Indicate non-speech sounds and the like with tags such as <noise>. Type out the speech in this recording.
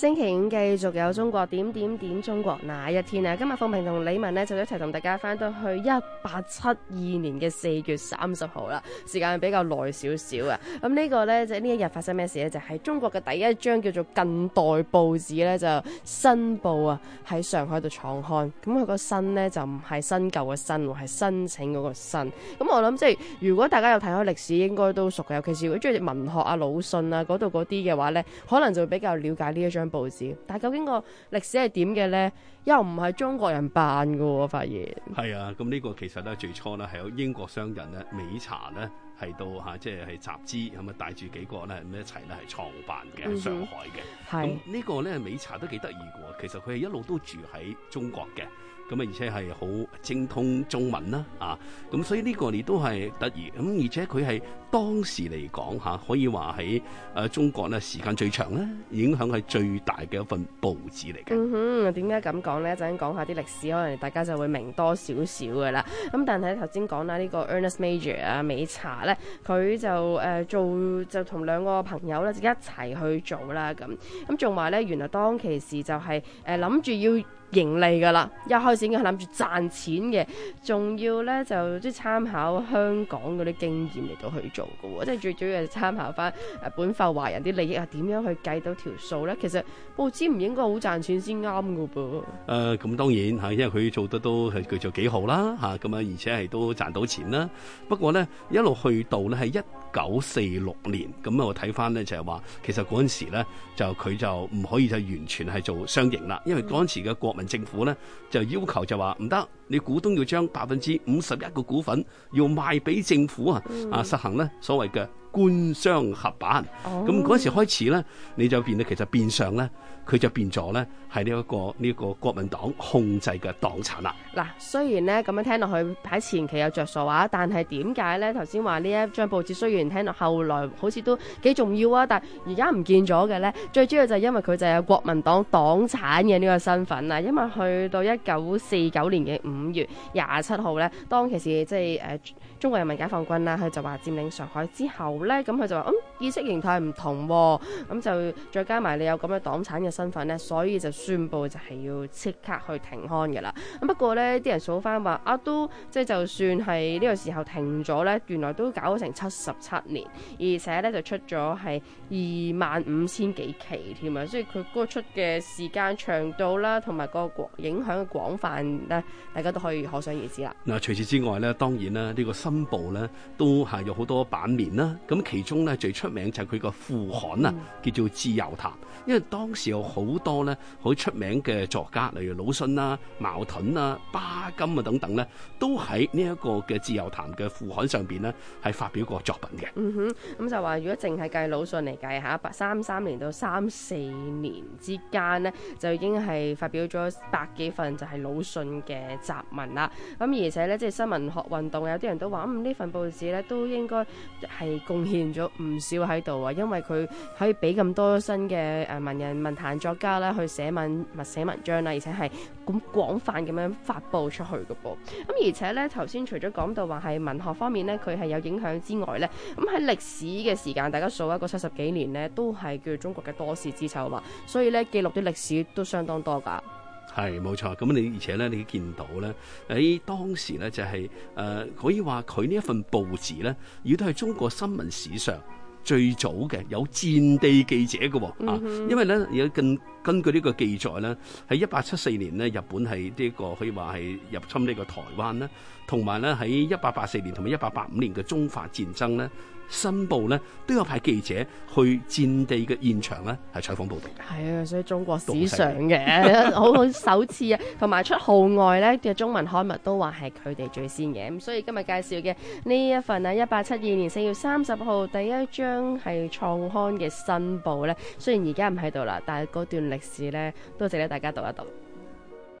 星期五繼續有中國點點點中國那一天啊！今日鳳萍同李文呢，就一齊同大家翻到去一八七二年嘅四月三十號啦，時間比較耐少少啊。咁呢個呢，就係呢一日發生咩事呢？就係、是、中國嘅第一張叫做近代報紙呢，就《申報》啊喺上海度創刊。咁佢個新呢，就唔係新舊嘅新，係申請嗰個新。咁我諗即係如果大家有睇開歷史，應該都熟嘅。尤其是如果中意文學啊、魯迅啊嗰度嗰啲嘅話呢，可能就會比較了解呢一張。報紙，但究竟個歷史係點嘅咧？又唔係中國人辦㗎喎，我發現。係啊，咁呢、啊、個其實咧，最初咧係有英國商人咧，美茶咧。提到吓即係係集資咁啊，帶住幾個咧咁一齊咧係創辦嘅、嗯、上海嘅。咁呢個咧美查都幾得意嘅喎，其實佢係一路都住喺中國嘅，咁啊而且係好精通中文啦啊，咁所以呢個你都係得意咁，而且佢係當時嚟講吓可以話喺誒中國咧時間最長咧影響係最大嘅一份報紙嚟嘅。嗯哼，點解咁講咧？一陣間講下啲歷史，可能大家就會明多少少嘅啦。咁但係頭先講啦，呢個 Ernest Major 啊，美查咧。佢就誒、呃、做就同兩個朋友咧一齊去做啦咁，咁仲話咧原來當其時就係誒諗住要盈利噶啦，一開始已經諗住賺錢嘅，仲要咧就即係參考香港嗰啲經驗嚟到去做嘅喎，即係最主要係參考翻誒本埠華人啲利益係點樣去計到條數咧。其實報紙唔應該好賺錢先啱嘅噃。誒、呃，咁當然嚇，因為佢做得都係叫做幾好啦嚇，咁啊而且係都賺到錢啦。不過咧一路去到咧係一九四六年咁啊，我睇翻呢就係話，其實嗰陣時呢就佢就唔可以就完全係做商營啦，因為嗰陣時嘅國民政府呢，就要求就話唔得，你股東要將百分之五十一嘅股份要賣俾政府啊啊，實行呢所謂嘅。官商合辦，咁、oh. 嗰時開始咧，你就變咧，其實變相咧，佢就變咗咧，係呢一個呢一、這個國民黨控制嘅黨產啦。嗱，雖然咧咁樣聽落去喺前期有着數話，但係點解咧頭先話呢一張報紙雖然聽落後來好似都幾重要啊，但係而家唔見咗嘅咧，最主要就係因為佢就有國民黨黨產嘅呢個身份啊。因為去到一九四九年嘅五月廿七號咧，當其時即係誒、呃、中國人民解放軍啦、啊，佢就話佔領上海之後。咧咁佢就話：咁、嗯、意識形態唔同、哦，咁、嗯、就再加埋你有咁嘅黨產嘅身份呢，所以就宣佈就係要即刻去停刊嘅啦。咁不過呢啲人數翻話啊，都即係就算係呢個時候停咗呢，原來都搞成七十七年，而且呢就出咗係二萬五千幾期添啊，所以佢嗰出嘅時間長度啦，同埋個影響嘅廣泛咧，大家都可以可想而知啦。嗱，除此之外呢，當然啦，呢、這個申報呢都係有好多版面啦。咁其中咧最出名就係佢個副刊啊，嗯、叫做《自由談》，因為當時有好多咧好出名嘅作家，例如魯迅啊、茅盾啊、巴金啊等等咧，都喺呢一個嘅《自由談》嘅副刊上邊咧係發表過作品嘅。嗯哼，咁就話如果淨係計魯迅嚟計吓八三三年到三四年之間咧，就已經係發表咗百幾份就係魯迅嘅雜文啦。咁而且咧，即係新文學運動有啲人都話咁呢份報紙咧都應該係。共。獻咗唔少喺度啊，因為佢可以俾咁多新嘅，誒文人、文壇作家啦去寫文、寫文章啦，而且係咁廣泛咁樣發佈出去嘅噃。咁而且咧，頭先除咗講到話係文學方面咧，佢係有影響之外咧，咁喺歷史嘅時間，大家數一個七十幾年咧，都係叫做中國嘅多事之秋嘛，所以咧記錄啲歷史都相當多噶。係冇錯，咁你而且咧，你見到咧喺當時咧就係、是、誒、呃、可以話佢呢一份報紙咧，亦都係中國新聞史上最早嘅有戰地記者嘅喎啊，因為咧而家根根據呢個記載咧，喺一八七四年咧，日本係呢、呢個可以話係入侵呢個台灣啦，同埋咧喺一八八四年同埋一八八五年嘅中法戰爭咧，申報咧都有派記者去戰地嘅現場咧，係採訪報道嘅。係啊，所以中國史上嘅 <laughs> 好好首次啊，同埋出號外咧嘅中文刊物都話係佢哋最先嘅。咁所以今日介紹嘅呢一份啊，一八七二年四月三十號第一張係創刊嘅申報咧，雖然而家唔喺度啦，但係嗰段歷史咧都值得大家讀一讀。